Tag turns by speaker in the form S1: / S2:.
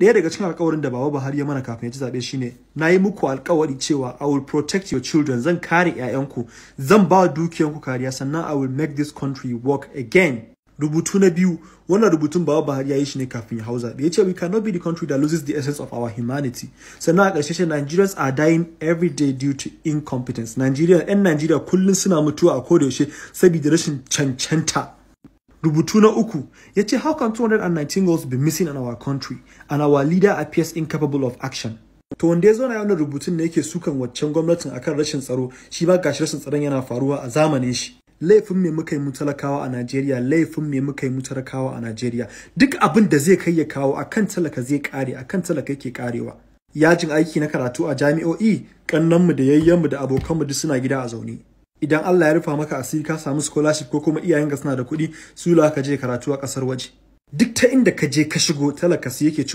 S1: ɗaya daga cikin alkawarin da baba Buhari ya mana kafin ya ci zaɓe shine na yi muku alkawari cewa I will protect your children zan kare 'ya'yanku zan ba dukiyanku kariya sannan I will make this country work again rubutu na biyu wannan rubutun baba Buhari ya yi shi ne kafin ya hau zaɓe ya ce we cannot be the country that loses the essence of our humanity sannan a ƙarshe Nigerians are dying every day due to incompetence Nigeria 'yan Nigeria kullum suna mutuwa a yaushe saboda rashin cancanta Rubutu na uku ya ce how can 219 goals be missing in our country and our leader appears incapable of action. To wanda ya zo na yawan rubutun ne yake sukan waccan gwamnatin akan rashin tsaro shi ba gashi rashin tsaron yana faruwa a zamanin shi. Laifin me muka yi mu talakawa a Najeriya laifin me muka yi mu talakawa a Najeriya duk abin da zai kai ya kawo akan talaka zai kare akan talaka yake karewa. Yajin aiki na karatu a jami'o'i kannanmu da yayyanmu da abokanmu duk suna gida a zaune. idan Allah ya rufa maka asiri ka samu scholarship ko kuma iyayenka suna da kuɗi su ka je karatu a ƙasar waje duk ta inda ka je ka shigo talakasi yake ci